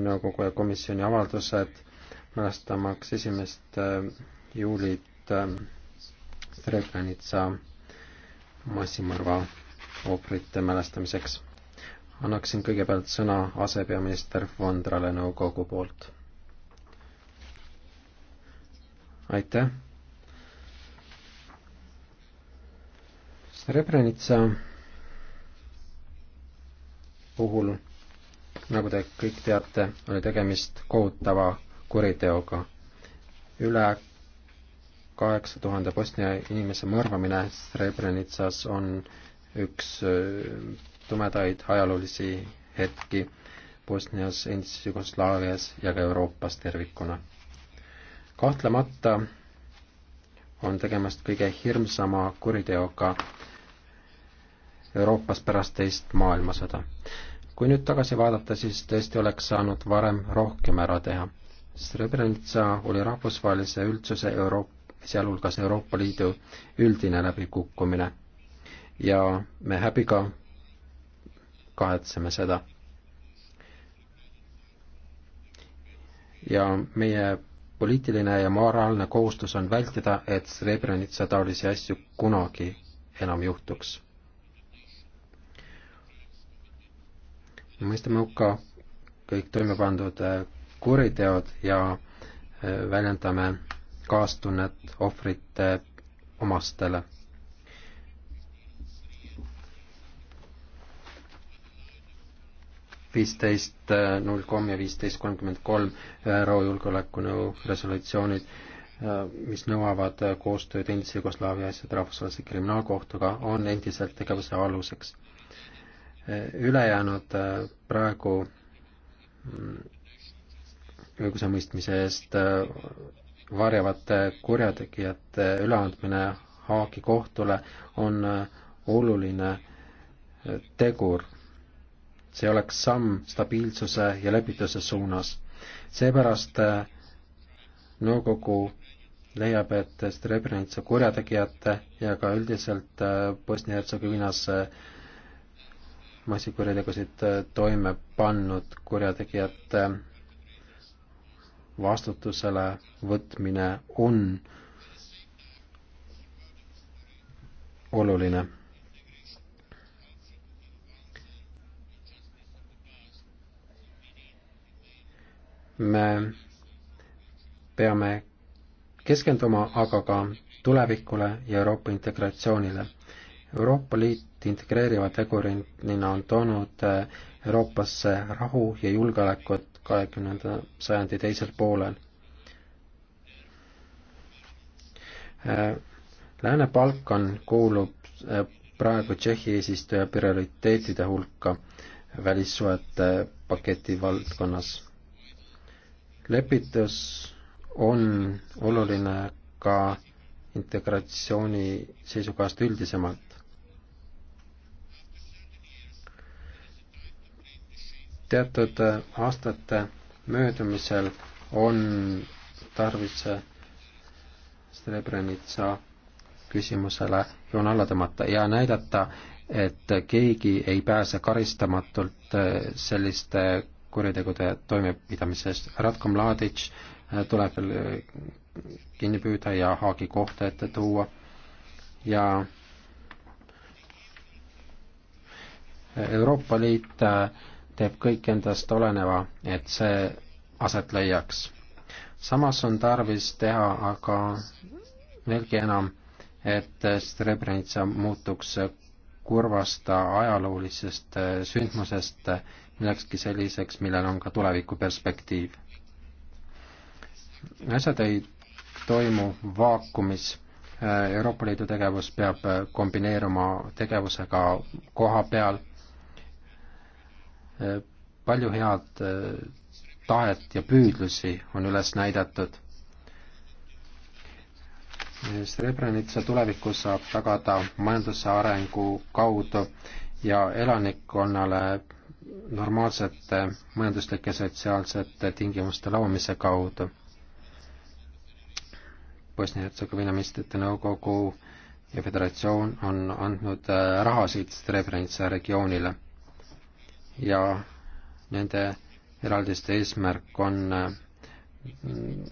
nõukogu ja komisjoni avaldused mälestamaks esimest äh, juulit äh, Srebrenica massimõrva ohvrite mälestamiseks. annaksin kõigepealt sõna asepeaminister Vondrale nõukogu poolt. aitäh. Srebrenica puhul nagu te kõik teate, oli tegemist kohutava kuriteoga. üle kaheksa tuhande Bosnia inimese mõrvamine Srebrenitsas on üks äh, tumedaid ajaloolisi hetki Bosnias, endises Jugoslaavias ja ka Euroopas tervikuna. kahtlemata on tegemist kõige hirmsama kuriteoga Euroopas pärast teist maailmasõda kui nüüd tagasi vaadata, siis tõesti oleks saanud varem rohkem ära teha. Srebrenica oli rahvusvahelise üldsuse Euroop-, sealhulgas Euroopa Liidu üldine läbikukkumine. ja me häbiga kahetseme seda. ja meie poliitiline ja moraalne kohustus on vältida, et Srebrenica taolisi asju kunagi enam juhtuks me mõistame hukka kõik toime pandud äh, kuriteod ja äh, väljendame kaastunnet ohvrite omastele. viisteist äh, null kolm ja viisteist kolmkümmend kolm ÜRO Julgeolekunõu resolutsioonid, mis nõuavad koostööd endise Jugoslaavia asjade rahvusvahelise kriminaalkohtuga, on endiselt tegevuse aluseks ülejäänud äh, praegu mm, õigusemõistmise eest äh, varjavate kurjategijate üleandmine Haagi kohtule on äh, oluline tegur. see oleks samm stabiilsuse ja lepituse suunas. seepärast nõukogu leiab, et Srebrenica kurjategijate ja ka üldiselt Bosnia-Hertsegoviinas äh, massikuritegusid äh, toime pannud kurjategijate vastutusele võtmine on oluline. me peame keskenduma aga ka tulevikule ja Euroopa integratsioonile Euroopa Liit integreeriva tegurina on toonud eh, Euroopasse rahu ja julgeolekut kahekümnenda sajandi teisel poolel. Eh, Lääne-Balkan kuulub eh, praegu Tšehhi eesistuja prioriteetide hulka välissuhete paketi valdkonnas. lepitus on oluline ka integratsiooni seisukohast üldisemalt. teatud äh, aastate möödumisel on tarvis äh, Srebrenica küsimusele joon alla tõmmata ja näidata, et keegi ei pääse karistamatult äh, selliste kuritegude toimepidamise eest. Ratko Mladic tuleb veel kinni püüda ja Haagi kohta ette tuua ja Euroopa Liit äh, teeb kõik endast oleneva, et see aset leiaks. samas on tarvis teha aga veelgi enam, et Srebrenica muutuks kurvast ajaloolisest sündmusest millekski selliseks, millel on ka tulevikuperspektiiv. asjad ei toimu vaakumis. Euroopa Liidu tegevus peab kombineeruma tegevusega koha peal palju head äh, tahet ja püüdlusi on üles näidatud. Srebrenica tuleviku saab tagada majanduse arengu kaudu ja elanikkonnale normaalsete majanduslike sotsiaalsete tingimuste loomise kaudu. Bosnia-Hertsegoviina ministrite nõukogu ja föderatsioon on andnud äh, rahasid Srebrenica regioonile ja nende eraldiste eesmärk on äh,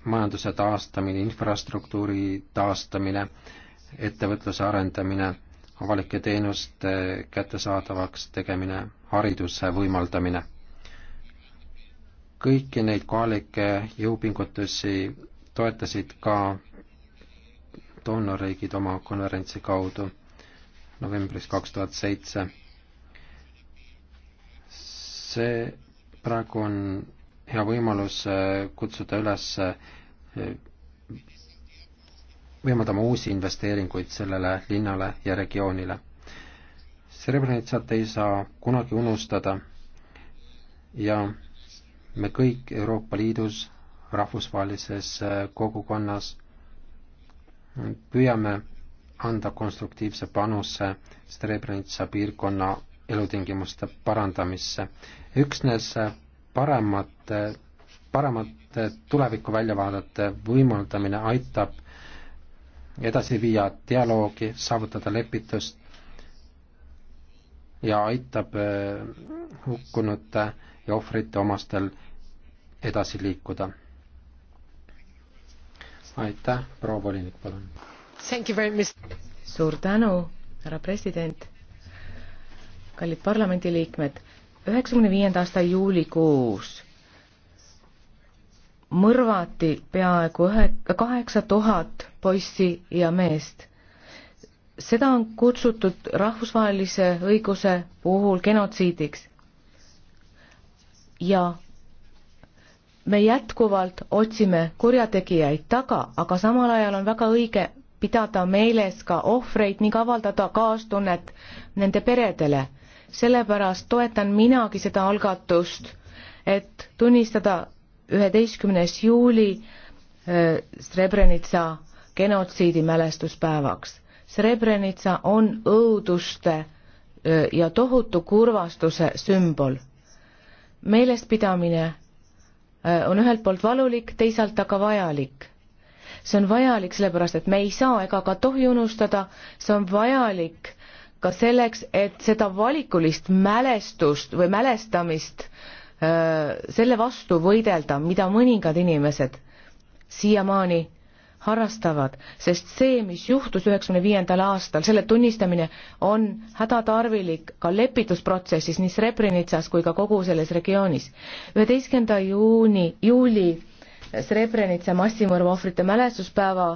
majanduse taastamine, infrastruktuuri taastamine, ettevõtluse arendamine, avalike teenuste kättesaadavaks tegemine, hariduse võimaldamine. kõiki neid kohalikke jõupingutusi toetasid ka doonorriigid oma konverentsi kaudu novembris kaks tuhat seitse see praegu on hea võimalus äh, kutsuda üles äh, võimaldama uusi investeeringuid sellele linnale ja regioonile. Srebrenitsat ei saa kunagi unustada ja me kõik Euroopa Liidus, rahvusvahelises äh, kogukonnas püüame anda konstruktiivse panuse Srebrenitsa piirkonna elutingimuste parandamisse. üksnes paremate, paremate tulevikuväljavaadete võimaldamine aitab edasi viia dialoogi, saavutada lepitust ja aitab eh, hukkunute ja ohvrite omastel edasi liikuda. aitäh, proua volinik, palun. suur tänu, härra president kallid parlamendiliikmed, üheksakümne viienda aasta juulikuus mõrvati peaaegu ühe, kaheksa tuhat poissi ja meest. seda on kutsutud rahvusvahelise õiguse puhul genotsiidiks. ja me jätkuvalt otsime kurjategijaid taga, aga samal ajal on väga õige pidada meeles ka ohvreid ning avaldada kaastunnet nende peredele sellepärast toetan minagi seda algatust, et tunnistada üheteistkümnes juuli äh, Srebrenica genotsiidi mälestuspäevaks. Srebrenica on õuduste äh, ja tohutu kurvastuse sümbol. meelespidamine äh, on ühelt poolt valulik, teisalt aga vajalik. see on vajalik sellepärast, et me ei saa ega ka tohi unustada, see on vajalik ka selleks, et seda valikulist mälestust või mälestamist selle vastu võidelda, mida mõningad inimesed siiamaani harrastavad, sest see, mis juhtus üheksakümne viiendal aastal, selle tunnistamine on hädatarvilik ka lepitusprotsessis nii Srebrenitsas kui ka kogu selles regioonis. üheteistkümnenda juuni, juuli Srebrenitsa massimõrva ohvrite mälestuspäeva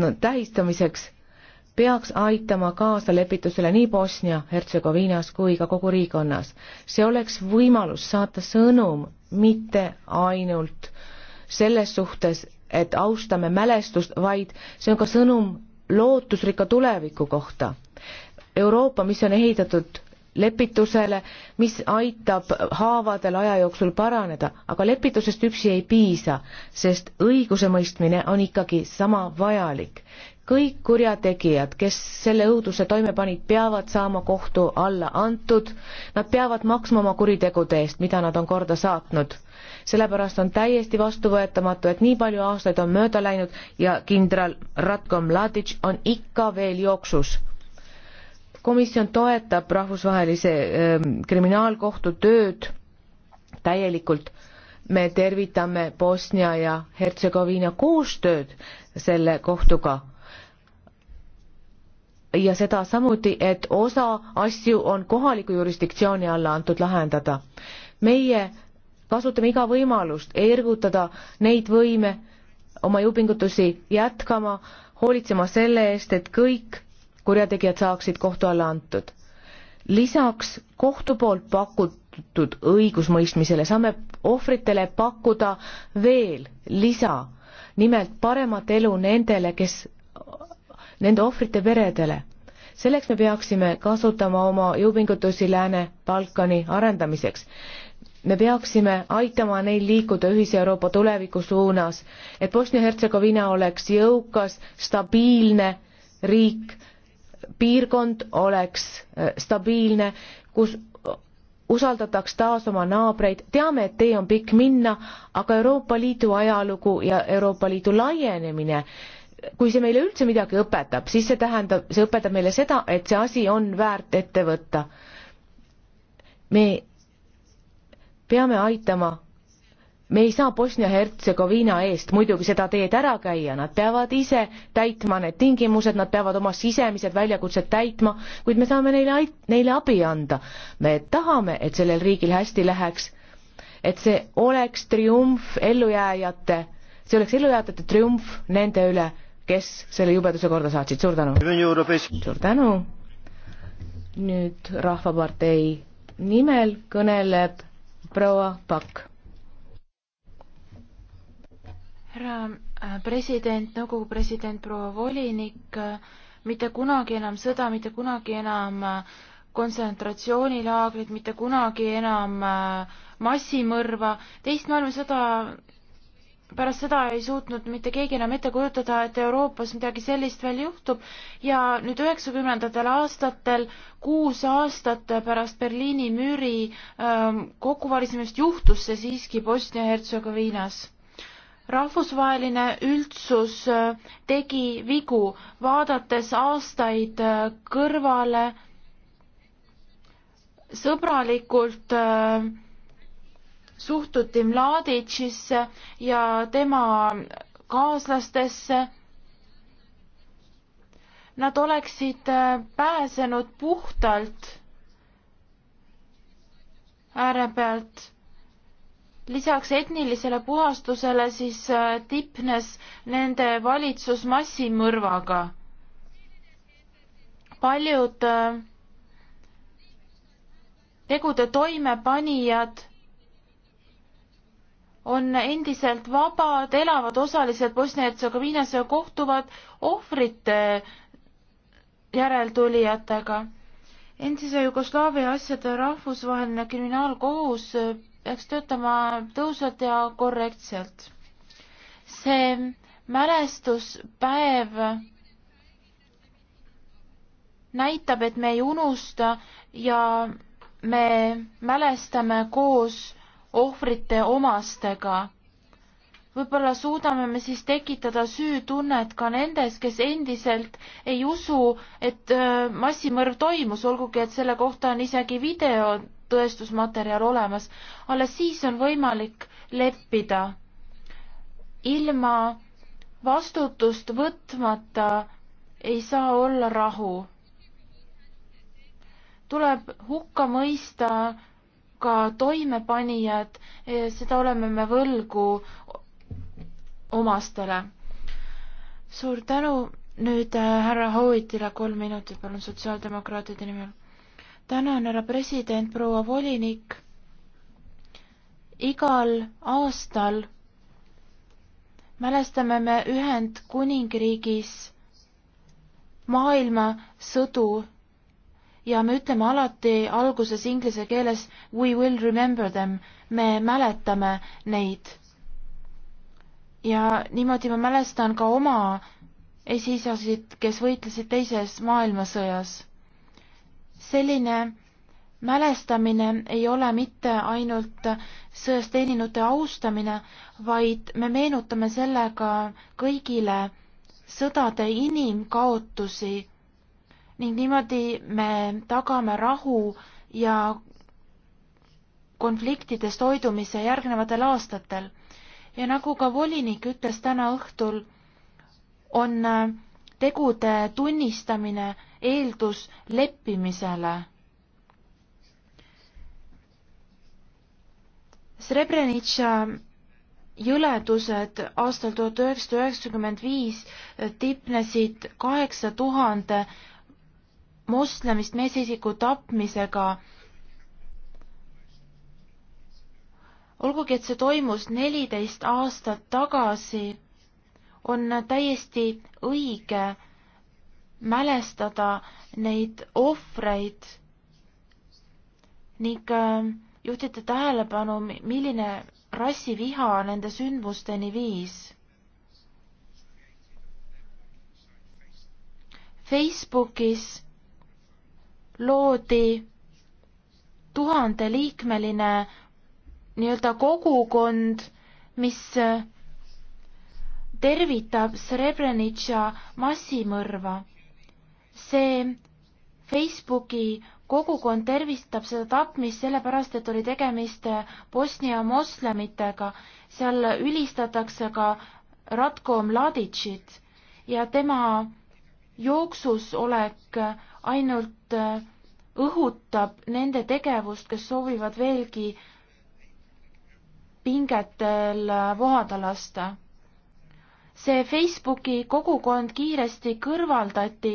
no, tähistamiseks peaks aitama kaasa lepitusele nii Bosnia-Hertsegoviinas kui ka kogu riigkonnas. see oleks võimalus saata sõnum mitte ainult selles suhtes, et austame mälestust, vaid see on ka sõnum lootusrikka tuleviku kohta. Euroopa, mis on ehitatud lepitusele, mis aitab haavadel aja jooksul paraneda, aga lepitusest üksi ei piisa, sest õigusemõistmine on ikkagi sama vajalik kõik kurjategijad, kes selle õuduse toime panid, peavad saama kohtu alla antud, nad peavad maksma oma kuritegude eest, mida nad on korda saatnud. sellepärast on täiesti vastuvõetamatu, et nii palju aastaid on mööda läinud ja kindral Ratko Mladic on ikka veel jooksus. komisjon toetab rahvusvahelise äh, kriminaalkohtu tööd täielikult me tervitame Bosnia ja Hertsegoviina koostööd selle kohtuga ja seda samuti, et osa asju on kohaliku jurisdiktsiooni alla antud lahendada. meie kasutame iga võimalust ergutada neid võime oma jõupingutusi jätkama, hoolitsema selle eest, et kõik kurjategijad saaksid kohtu alla antud. lisaks kohtu poolt pakutud õigusmõistmisele saame ohvritele pakkuda veel lisa, nimelt paremat elu nendele, kes nende ohvrite peredele. selleks me peaksime kasutama oma jõupingutusi Lääne-Balkani arendamiseks. me peaksime aitama neil liikuda ühise Euroopa tuleviku suunas, et Bosnia-Hertsegoviina oleks jõukas, stabiilne riik, piirkond oleks äh, stabiilne, kus usaldataks taas oma naabreid, teame, et tee on pikk minna, aga Euroopa Liidu ajalugu ja Euroopa Liidu laienemine äh, kui see meile üldse midagi õpetab, siis see tähendab, see õpetab meile seda, et see asi on väärt ette võtta. me peame aitama, me ei saa Bosnia-Hertsegoviina eest muidugi seda teed ära käia, nad peavad ise täitma need tingimused, nad peavad oma sisemised väljakutsed täitma, kuid me saame neile, neile abi anda. me tahame, et sellel riigil hästi läheks, et see oleks triumf ellujääjate, see oleks ellujääjate triumf nende üle kes selle jubeduse korda saatsid, suur tänu! suur tänu! nüüd Rahvapartei nimel kõneleb proua Pakk. härra äh, president, nõukogu president, proua volinik, äh, mitte kunagi enam sõda, mitte kunagi enam äh, kontsentratsioonilaagrid, mitte kunagi enam massimõrva, teist maailmasõda pärast seda ei suutnud mitte keegi enam ette kujutada, et Euroopas midagi sellist veel juhtub ja nüüd üheksakümnendatel aastatel, kuus aastat pärast Berliini müüri ähm, kokkuvarisemist juhtus see siiski Bosnia-Hertsegoviinas. rahvusvaheline üldsus äh, tegi vigu, vaadates aastaid äh, kõrvale sõbralikult äh, suhtuti Mladitšisse ja tema kaaslastesse. Nad oleksid äh, pääsenud puhtalt ääre pealt. lisaks etnilisele puhastusele siis äh, tipnes nende valitsus massimõrvaga. paljud äh, tegude toimepanijad on endiselt vabad, elavad osaliselt Bosnia-Hertsegoviinas ja kohtuvad ohvrite järeltulijatega. endise Jugoslaavia asjade rahvusvaheline kriminaalkohus peaks töötama tõhusalt ja korrektselt. see mälestuspäev näitab, et me ei unusta ja me mälestame koos ohvrite omastega. võib-olla suudame me siis tekitada süütunnet ka nendes, kes endiselt ei usu, et äh, massimõrv toimus, olgugi et selle kohta on isegi video tõestusmaterjal olemas. alles siis on võimalik leppida. ilma vastutust võtmata ei saa olla rahu. tuleb hukka mõista hukka toimepanijad, seda oleme me võlgu omastele. suur tänu, nüüd äh, härra Howitile kolm minutit, palun, sotsiaaldemokraatide nimel. tänan, härra president, proua volinik. igal aastal mälestame me Ühendkuningriigis maailmasõdu ja me ütleme alati alguses inglise keeles we will remember them, me mäletame neid. ja niimoodi ma mälestan ka oma esiisasid, kes võitlesid teises maailmasõjas. selline mälestamine ei ole mitte ainult sõjas teeninute austamine, vaid me meenutame sellega kõigile sõdade inimkaotusi ning niimoodi me tagame rahu ja konfliktidest hoidumise järgnevatel aastatel. ja nagu ka volinik ütles täna õhtul, on äh, tegude tunnistamine eeldus leppimisele. Srebrenica jõledused aastal tuhat üheksasada üheksakümmend viis tipnesid kaheksa tuhande moslemist meesisiku tapmisega. olgugi, et see toimus neliteist aastat tagasi, on täiesti õige mälestada neid ohvreid ning äh, juhtida tähelepanu, milline rassiviha nende sündmusteni viis Facebookis loodi tuhandeliikmeline nii-öelda kogukond, mis tervitab Srebrenica massimõrva. see Facebooki kogukond tervistab seda tapmist sellepärast, et oli tegemist Bosnia moslemitega. seal ülistatakse ka Ratko Mladicit ja tema jooksus olek ainult äh, õhutab nende tegevust, kes soovivad veelgi pingetel äh, vohada lasta. see Facebooki kogukond kiiresti kõrvaldati,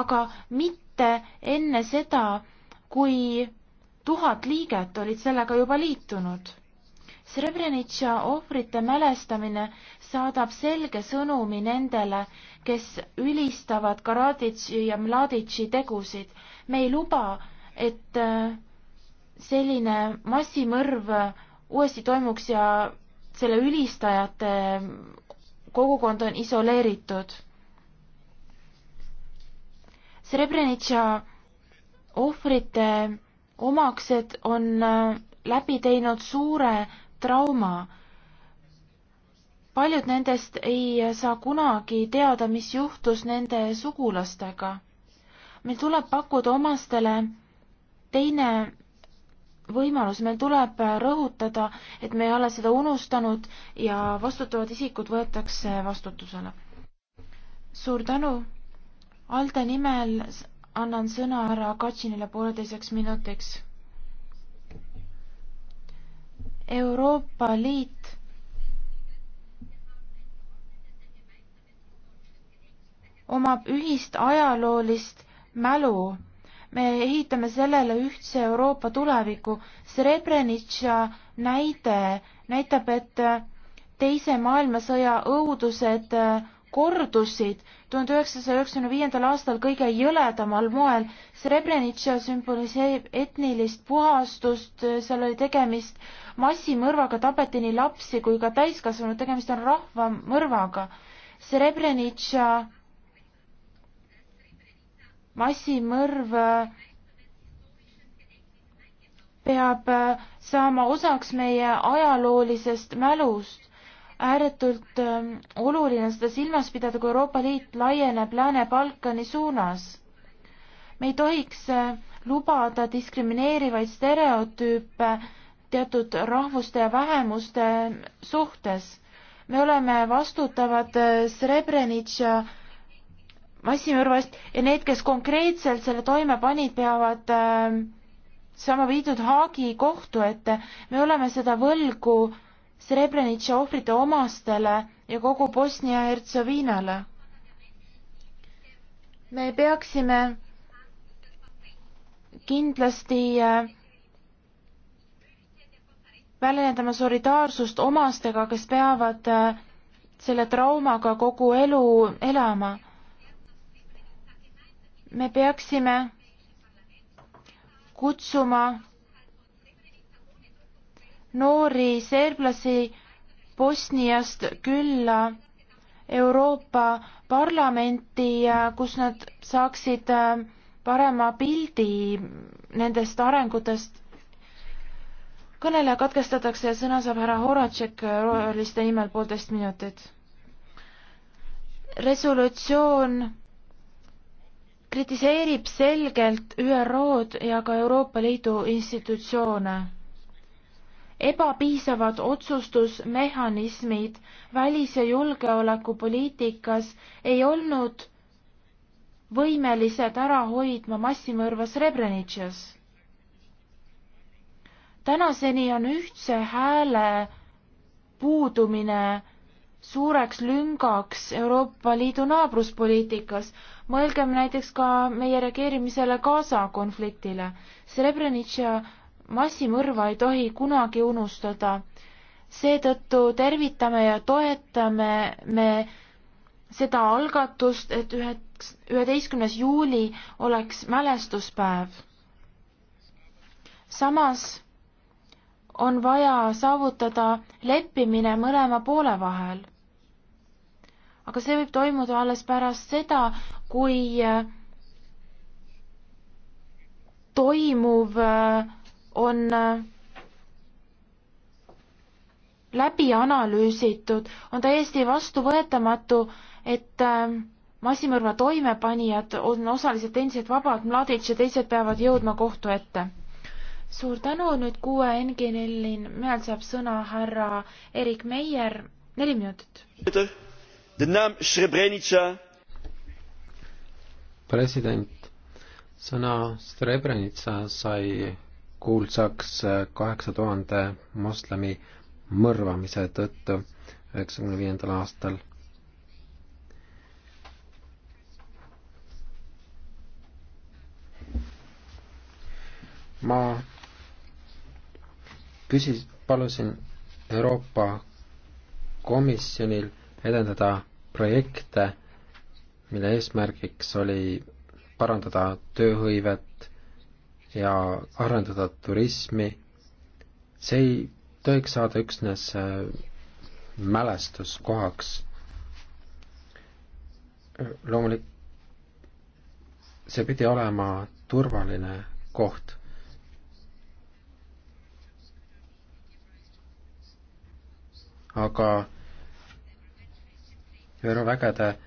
aga mitte enne seda, kui tuhat liiget olid sellega juba liitunud Srebrenica ohvrite mälestamine saadab selge sõnumi nendele, kes ülistavad Karadžitši ja Mladitši tegusid. me ei luba, et äh, selline massimõrv uuesti toimuks ja selle ülistajate äh, kogukond on isoleeritud. Srebrenica ohvrite omaksed on äh, läbi teinud suure trauma. paljud nendest ei saa kunagi teada, mis juhtus nende sugulastega. meil tuleb pakkuda omastele teine võimalus, meil tuleb rõhutada, et me ei ole seda unustanud ja vastutavad isikud võetakse vastutusele. suur tänu. Alde nimel annan sõna härra Katšinile pooleteiseks minutiks Euroopa Liit omab ühist ajaloolist mälu. me ehitame sellele ühtse Euroopa tuleviku. Srebrenica näide näitab, et teise maailmasõja õudused kordusid tuhande üheksasaja üheksakümne viiendal aastal kõige jõledamal moel. Srebrenica sümboliseerib etnilist puhastust, seal oli tegemist massimõrvaga, tapeti nii lapsi kui ka täiskasvanud, tegemist on rahvamõrvaga. Srebrenica massimõrv peab saama osaks meie ajaloolisest mälust ääretult ähm, oluline seda silmas pidada, kui Euroopa Liit laieneb Lääne-Balkani suunas. me ei tohiks äh, lubada diskrimineerivaid stereotüüpe teatud rahvuste ja vähemuste ähm, suhtes. me oleme vastutavad äh, Srebrenica massimõrva eest ja need, kes konkreetselt selle toime panid, peavad äh, saama viidud Haagi kohtu ette. me oleme seda võlgu äh, Srebrenica ohvrite omastele ja kogu Bosnia-Hertseviinale. me peaksime kindlasti eh, väljendama solidaarsust omastega, kes peavad eh, selle traumaga kogu elu elama. me peaksime kutsuma noori serblasi Bosniast külla Euroopa Parlamenti, kus nad saaksid äh, parema pildi nendest arengutest. kõneleja katkestatakse ja sõna saab härra Horatšek roheliste nimel poolteist minutit. resolutsioon kritiseerib selgelt ÜRO-d ja ka Euroopa Liidu institutsioone ebapiisavad otsustusmehhanismid välis- ja julgeolekupoliitikas ei olnud võimelised ära hoidma massimõrva Srebrenitšas. tänaseni on ühtse hääle puudumine suureks lüngaks Euroopa Liidu naabruspoliitikas. mõelgem näiteks ka meie reageerimisele Gaza konfliktile. Srebrenitša massimõrva ei tohi kunagi unustada. seetõttu tervitame ja toetame me seda algatust, et üheks, üheteistkümnes juuli oleks mälestuspäev. samas on vaja saavutada leppimine mõlema poole vahel. aga see võib toimuda alles pärast seda, kui toimuv äh, on äh, läbi analüüsitud, on täiesti vastuvõetamatu, et äh, massimõrva toimepanijad on osaliselt endiselt vabad, Mladic ja teised peavad jõudma kohtu ette. suur tänu, nüüd kuue NGL-i nimel saab sõna härra Erik Meier, neli minutit. president, sõna Srebrenica sai kuulsaks äh, kaheksa tuhande moslemi mõrvamise tõttu üheksakümne viiendal aastal. ma küsis, palusin Euroopa Komisjonil edendada projekte, mille eesmärgiks oli parandada tööhõivet ja arendada turismi, see ei tohiks saada üksnes äh, mälestuskohaks. loomulik-, see pidi olema turvaline koht. aga ÜRO vägede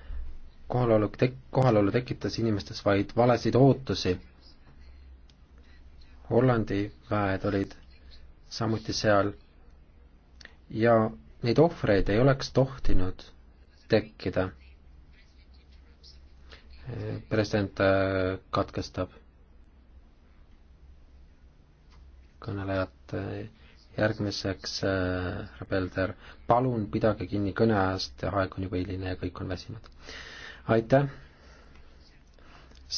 kohalolu tek-, kohalolu tekitas inimestes vaid valesid ootusi Hollandi väed olid samuti seal ja neid ohvreid ei oleks tohtinud tekkida. president äh, katkestab kõnelejat äh, järgmiseks äh, härra Pelder, palun pidage kinni kõneajast, aeg on juba hiline ja kõik on väsinud. aitäh.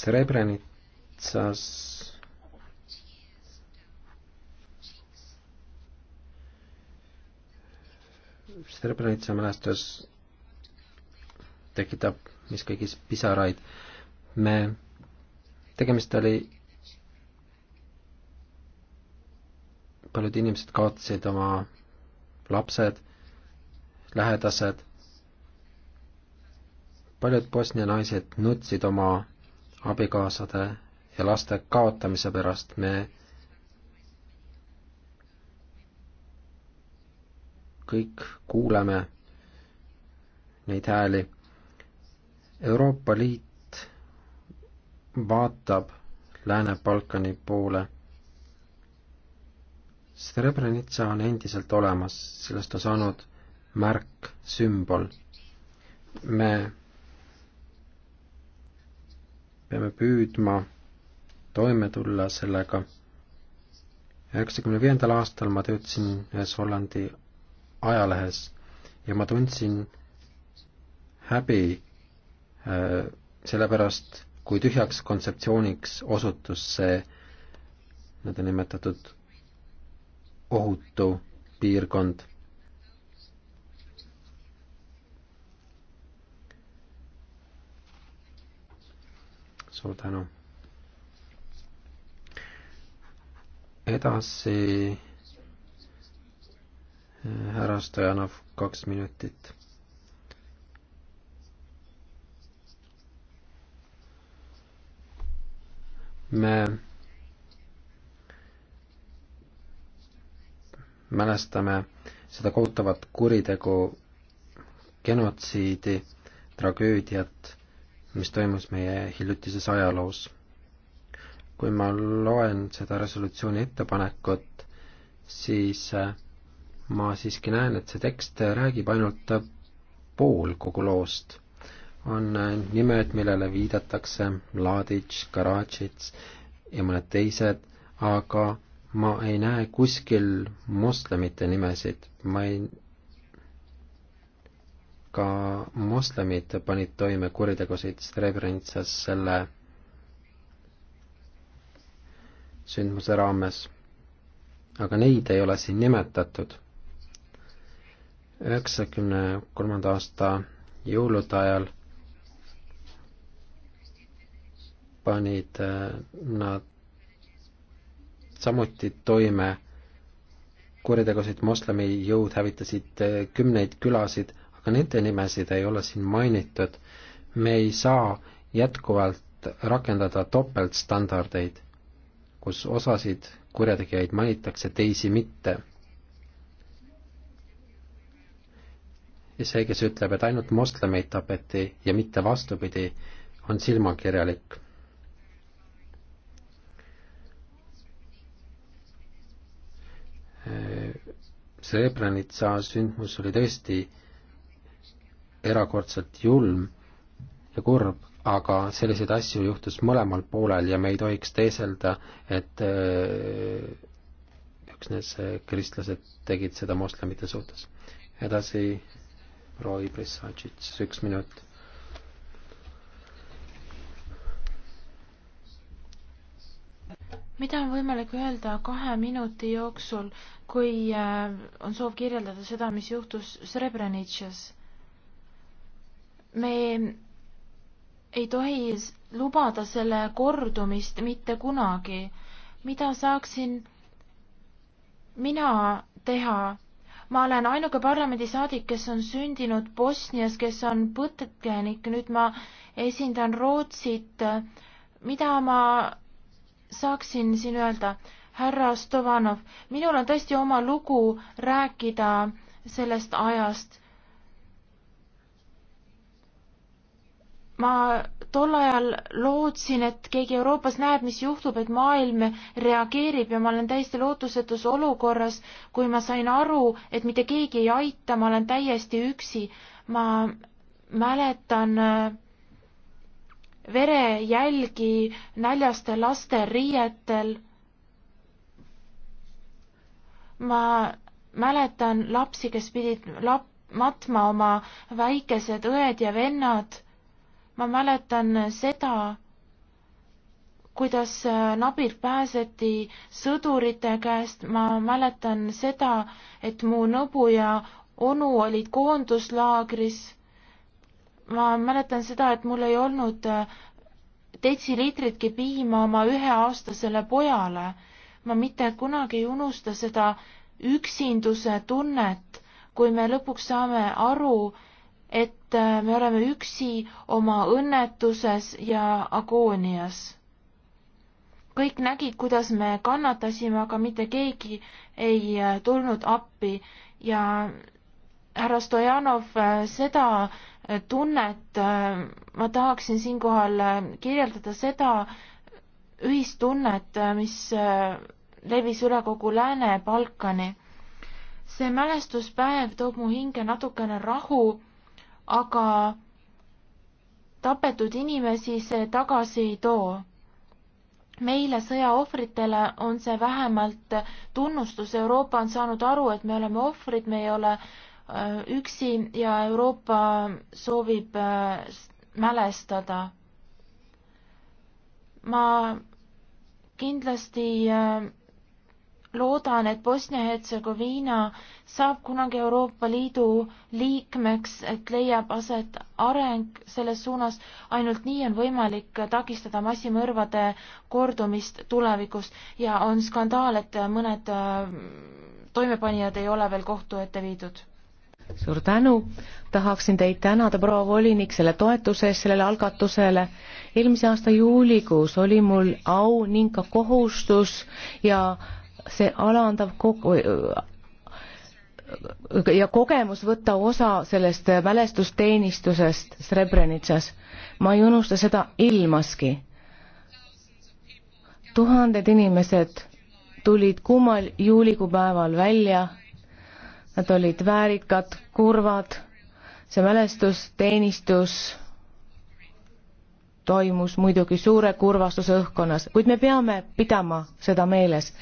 Srebrenitsas Srebrenica mälestus tekitab mis kõigis pisaraid. me, tegemist oli, paljud inimesed kaotasid oma lapsed, lähedased, paljud Bosnia naised nutsid oma abikaasade ja laste kaotamise pärast, me kõik kuuleme neid hääli. Euroopa Liit vaatab Lääne-Balkani poole. Srebrenica on endiselt olemas, sellest on saanud märk, sümbol. me peame püüdma toime tulla sellega. üheksakümne viiendal aastal ma töötasin ühes Hollandi ajalehes ja ma tundsin häbi äh, sellepärast, kui tühjaks kontseptsiooniks osutus see nõndanimetatud ohutu piirkond. suur tänu. edasi härra Stojanov, kaks minutit. me mälestame seda kohutavat kuritegu, genotsiidi, tragöödiat, mis toimus meie hiljutises ajaloos. kui ma loen seda resolutsiooni ettepanekut, siis äh, ma siiski näen, et see tekst räägib ainult pool kogu loost. on nimed, millele viidatakse, Mladic, Karadžits ja mõned teised, aga ma ei näe kuskil moslemite nimesid, ma ei ka moslemid panid toime kuritegusid Srebrenitsas selle sündmuse raames, aga neid ei ole siin nimetatud üheksakümne kolmanda aasta jõulude ajal panid äh, nad samuti toime kuritegusid, moslemi jõud hävitasid äh, kümneid külasid, aga nende nimesid ei ole siin mainitud. me ei saa jätkuvalt rakendada topeltstandardeid, kus osasid kurjategijaid mainitakse, teisi mitte ja see, kes ütleb, et ainult moslemeid tapeti ja mitte vastupidi, on silmakirjalik. Srebrenica sündmus oli tõesti erakordselt julm ja kurb, aga selliseid asju juhtus mõlemal poolel ja me ei tohiks teeselda, et äh, üksnes äh, kristlased tegid seda moslemite suhtes. edasi proovi Pressagic, üks minut. mida on võimalik öelda kahe minuti jooksul, kui äh, on soov kirjeldada seda, mis juhtus Srebrenitšas? me ei tohi lubada selle kordumist mitte kunagi. mida saaksin mina teha ma olen ainuke parlamendisaadik, kes on sündinud Bosnias, kes on põtkenik, nüüd ma esindan Rootsit. mida ma saaksin siin öelda? härra Stovanov, minul on tõesti oma lugu rääkida sellest ajast ma tol ajal lootsin, et keegi Euroopas näeb, mis juhtub, et maailm reageerib ja ma olen täiesti lootusetus olukorras, kui ma sain aru, et mitte keegi ei aita, ma olen täiesti üksi. ma mäletan äh, verejälgi näljaste laste riietel. ma mäletan lapsi, kes pidid lap-, matma oma väikesed õed ja vennad ma mäletan seda, kuidas äh, nabir pääseti sõdurite käest, ma mäletan seda, et mu nõbu ja onu olid koonduslaagris. ma mäletan seda, et mul ei olnud äh, detsiliitritki piima oma üheaastasele pojale. ma mitte kunagi ei unusta seda üksinduse tunnet, kui me lõpuks saame aru, et äh, me oleme üksi oma õnnetuses ja agoonias. kõik nägid, kuidas me kannatasime, aga mitte keegi ei äh, tulnud appi ja härra Stojanov, äh, seda tunnet ma tahaksin siinkohal kirjeldada, seda ühistunnet, mis levis üle kogu Lääne-Balkani. see mälestuspäev toob mu hinge natukene rahu aga tapetud inimesi see tagasi ei too. meile, sõjaohvritele, on see vähemalt tunnustus, Euroopa on saanud aru, et me oleme ohvrid, me ei ole äh, üksi ja Euroopa soovib äh, mälestada. ma kindlasti äh, loodan, et Bosnia-Hertsegoviina saab kunagi Euroopa Liidu liikmeks, et leiab aset areng selles suunas. ainult nii on võimalik takistada massimõrvade kordumist tulevikus ja on skandaal, et mõned äh, toimepanijad ei ole veel kohtu ette viidud suur tänu, tahaksin teid tänada, proua volinik, selle toetuse eest sellele algatusele. eelmise aasta juulikuus oli mul au ning ka kohustus ja see alandav kogu äh, ja kogemus võtta osa sellest mälestusteenistusest Srebrenitsas. ma ei unusta seda ilmaski. tuhanded inimesed tulid kummal juulikuu päeval välja. Nad olid väärikad, kurvad. see mälestusteenistus toimus muidugi suure kurvastuse õhkkonnas, kuid me peame pidama seda meeles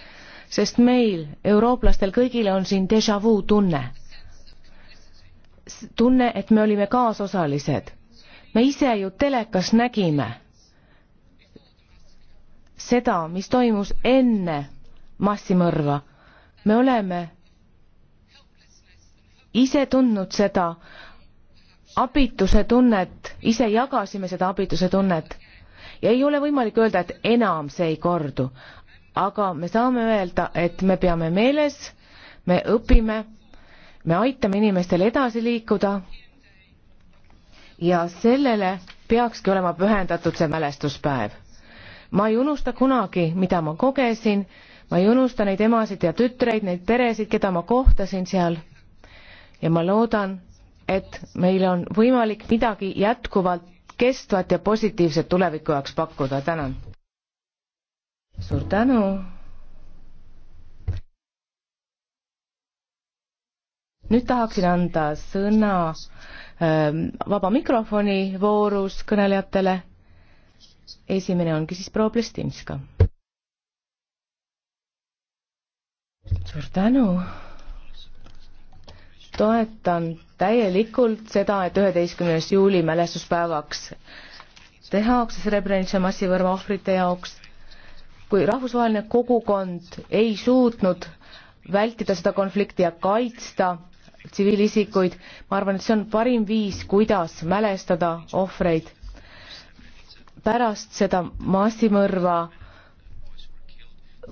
sest meil, eurooplastel kõigil on siin déjà vu tunne. tunne, et me olime kaasosalised. me ise ju telekas nägime seda, mis toimus enne massimõrva. me oleme ise tundnud seda abituse tunnet, ise jagasime seda abituse tunnet ja ei ole võimalik öelda, et enam see ei kordu, aga me saame öelda, et me peame meeles, me õpime, me aitame inimestel edasi liikuda ja sellele peakski olema pühendatud see mälestuspäev. ma ei unusta kunagi, mida ma kogesin, ma ei unusta neid emasid ja tütreid, neid peresid, keda ma kohtasin seal ja ma loodan, et meil on võimalik midagi jätkuvalt kestvat ja positiivset tuleviku jaoks pakkuda, tänan! suur tänu. nüüd tahaksin anda sõna ähm, vaba mikrofoni voorus kõnelejatele. esimene ongi siis proua Plestinska. suur tänu. toetan täielikult seda, et üheteistkümnes juuli mälestuspäevaks tehakse Srebrenica massivõrva ohvrite jaoks kui rahvusvaheline kogukond ei suutnud vältida seda konflikti ja kaitsta tsiviilisikuid, ma arvan, et see on parim viis, kuidas mälestada ohvreid. pärast seda massimõrva,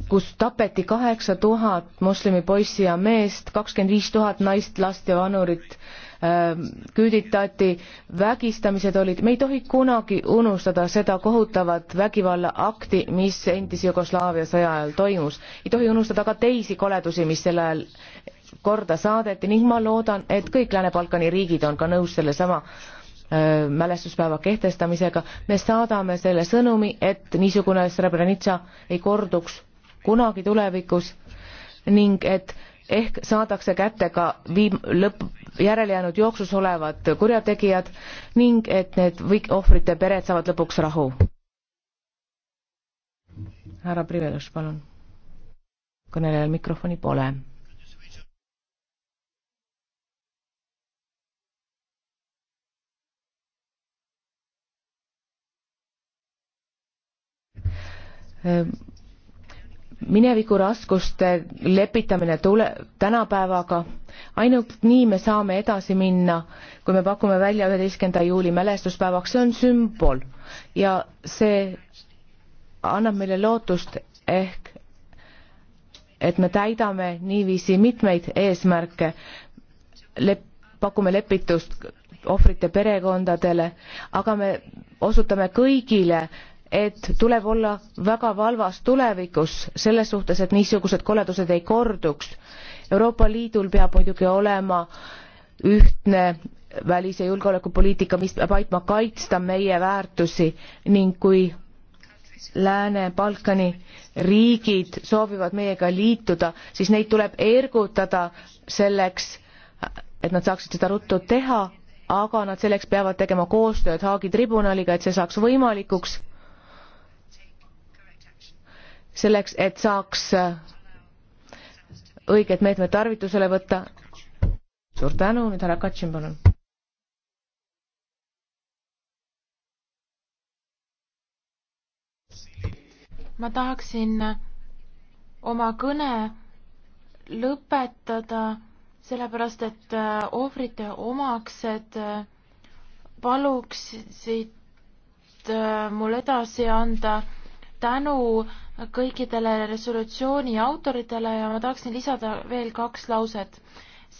kus tapeti kaheksa tuhat moslemi poissi ja meest, kakskümmend viis tuhat naist, last ja vanurit, Ähm, küüditati, vägistamised olid, me ei tohi kunagi unustada seda kohutavat vägivallaakti, mis endise Jugoslaavia sõja ajal toimus. ei tohi unustada ka teisi koledusi, mis sel ajal korda saadeti ning ma loodan, et kõik Lääne-Balkani riigid on ka nõus sellesama äh, mälestuspäeva kehtestamisega, me saadame selle sõnumi, et niisugune Srebrenica ei korduks kunagi tulevikus ning et ehk saadakse kätte ka viim-, lõpp, järele jäänud jooksus olevad kurjategijad ning et need ohvrite pered saavad lõpuks rahu. härra Privelus, palun. kõnelejal mikrofoni pole. Um mineviku raskuste lepitamine tule-, tänapäevaga, ainult nii me saame edasi minna, kui me pakume välja üheteistkümnenda juuli mälestuspäevaks, see on sümbol ja see annab meile lootust, ehk et me täidame niiviisi mitmeid eesmärke, lep-, pakume lepitust ohvrite perekondadele, aga me osutame kõigile et tuleb olla väga valvas tulevikus selles suhtes, et niisugused koledused ei korduks. Euroopa Liidul peab muidugi olema ühtne välis- ja julgeolekupoliitika, mis peab aitma kaitsta meie väärtusi ning kui Lääne-Balkani riigid soovivad meiega liituda, siis neid tuleb ergutada selleks, et nad saaksid seda ruttu teha, aga nad selleks peavad tegema koostööd Haagi tribunaliga, et see saaks võimalikuks selleks, et saaks äh, õiged meetmed tarvitusele võtta. suur tänu, nüüd härra Katšin, palun. ma tahaksin oma kõne lõpetada, sellepärast et äh, ohvrite omaksed äh, paluksid mul edasi anda tänu kõikidele resolutsiooni autoritele ja ma tahaksin lisada veel kaks lauset.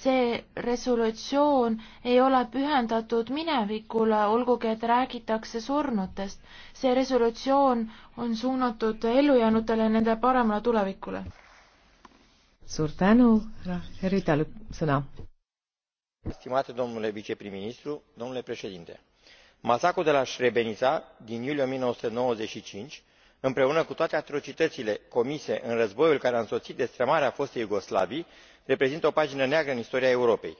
see resolutsioon ei ole pühendatud minevikule, olgugi et räägitakse surnutest. see resolutsioon on suunatud ellujäänutele ja nende paremale tulevikule. suur tänu, härra Rüütel, sõna. Stimate domnule viceprim-ministru, domnule președinte, masacrul de la Srebrenica din iulie 1995 împreună cu toate atrocitățile comise în războiul care a însoțit destrămarea fostei iugoslavii reprezintă o pagină neagră în istoria europei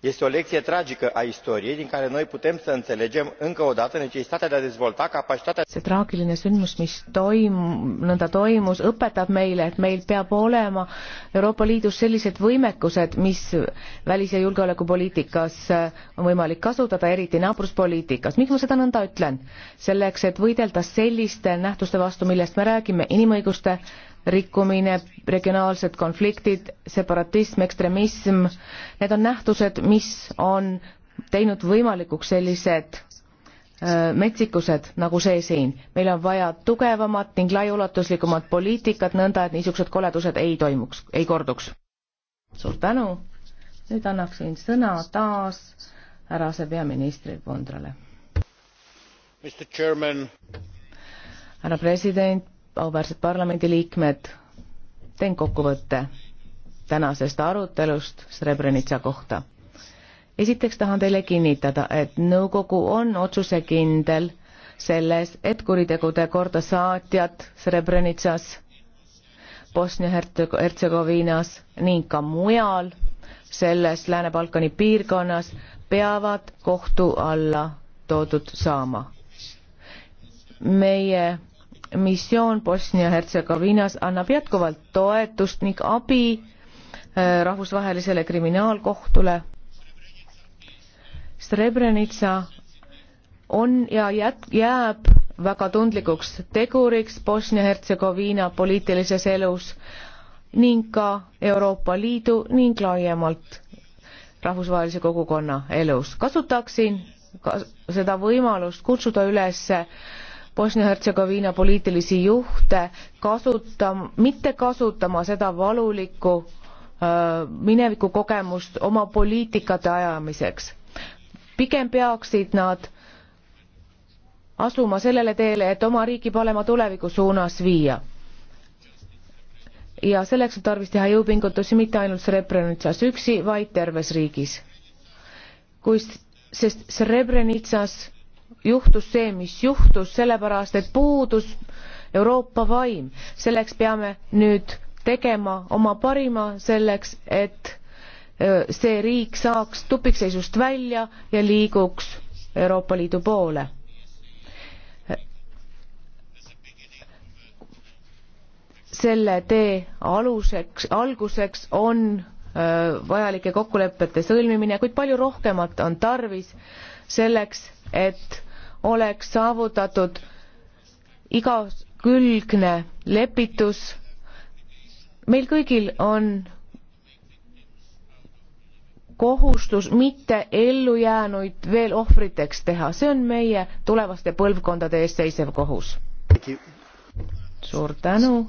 este o lecție tragică a istoriei din care noi putem să înțelegem încă o dată necesitatea de a dezvolta capacitatea. see traagiline sündmus mis toim- nõnda toimus õpetab meile et meil peab olema euroopa liidus sellised võimekused mis välis ja julgeolekupoliitikas äh, on võimalik kasutada eriti naabruspoliitikas miks ma seda nõnda ütlen selleks et võidelda selliste nähtuste vastu millest me räägime inimõiguste rikkumine, regionaalsed konfliktid, separatism, ekstremism, need on nähtused, mis on teinud võimalikuks sellised äh, metsikused nagu see siin. meil on vaja tugevamat ning laiaulatuslikumat poliitikat, nõnda et niisugused koledused ei toimuks, ei korduks. suur tänu. nüüd annaksin sõna taas härrase peaministri Vondrale. härra president, auväärsed parlamendiliikmed, teen kokkuvõtte tänasest arutelust Srebrenica kohta. esiteks tahan teile kinnitada, et nõukogu on otsusekindel selles, et kuritegude korda saatjad Srebrenicas, Bosnia-Hertsegoviinas ning ka mujal selles Lääne-Balkani piirkonnas peavad kohtu alla toodud saama. meie missioon Bosnia-Hertsegoviinas annab jätkuvalt toetust ning abi äh, rahvusvahelisele kriminaalkohtule. Srebrenica on ja jät-, jääb väga tundlikuks teguriks Bosnia-Hertsegoviina poliitilises elus ning ka Euroopa Liidu ning laiemalt rahvusvahelise kogukonna elus. kasutaksin ka seda võimalust kutsuda üles äh, Bosnia-Hertsegoviina poliitilisi juhte kasutam-, mitte kasutama seda valulikku äh, minevikukogemust oma poliitikate ajamiseks. pigem peaksid nad asuma sellele teele, et oma riigi parema tuleviku suunas viia. ja selleks on tarvis teha jõupingutusi mitte ainult Srebrenitsas üksi, vaid terves riigis. kuid, sest Srebrenitsas juhtus see, mis juhtus, sellepärast et puudus Euroopa vaim. selleks peame nüüd tegema oma parima selleks, et see riik saaks tupikseisust välja ja liiguks Euroopa Liidu poole. selle tee aluseks, alguseks on vajalike kokkulepete sõlmimine, kuid palju rohkemat on tarvis selleks, et oleks saavutatud igakülgne lepitus. meil kõigil on kohustus mitte ellujäänuid veel ohvriteks teha, see on meie tulevaste põlvkondade ees seisev kohus. suur tänu.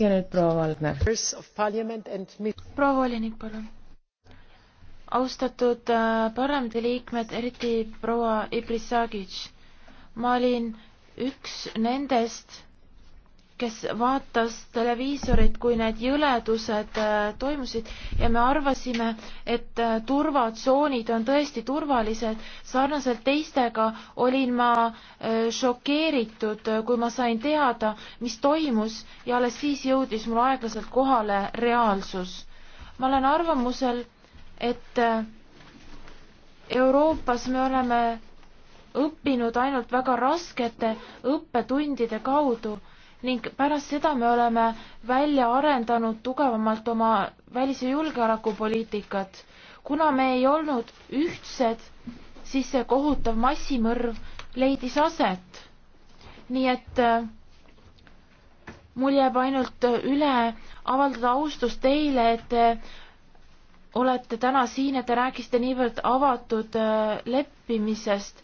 ja nüüd proua Valdner. proua volinik, palun austatud äh, parlamendiliikmed, eriti proua Ibrisagic. ma olin üks nendest, kes vaatas televiisorit, kui need jõledused äh, toimusid ja me arvasime, et äh, turvatsoonid on tõesti turvalised. sarnaselt teistega olin ma šokeeritud, kui ma sain teada, mis toimus ja alles siis jõudis mul aeglaselt kohale reaalsus. ma olen arvamusel, et äh, Euroopas me oleme õppinud ainult väga raskete õppetundide kaudu ning pärast seda me oleme välja arendanud tugevamalt oma välis- ja julgeolekupoliitikat. kuna me ei olnud ühtsed, siis see kohutav massimõrv leidis aset. nii et äh, mul jääb ainult üle avaldada austust teile, et te äh, olete täna siin ja te rääkisite niivõrd avatud äh, leppimisest.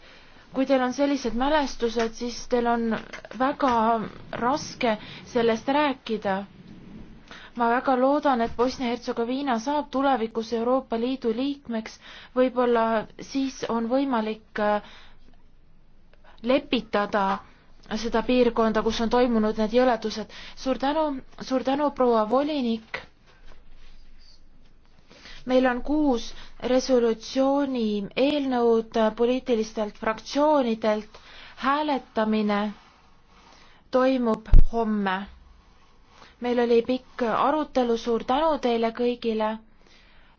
kui teil on sellised mälestused, siis teil on väga raske sellest rääkida. ma väga loodan, et Bosnia-Hertsegoviina saab tulevikus Euroopa Liidu liikmeks, võib-olla siis on võimalik äh, lepitada seda piirkonda, kus on toimunud need jõledused. suur tänu, suur tänu, proua volinik meil on kuus resolutsiooni eelnõud poliitilistelt fraktsioonidelt. hääletamine toimub homme. meil oli pikk arutelu, suur tänu teile kõigile.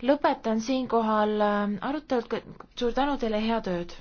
lõpetan siinkohal arutelud, suur tänu teile, head ööd!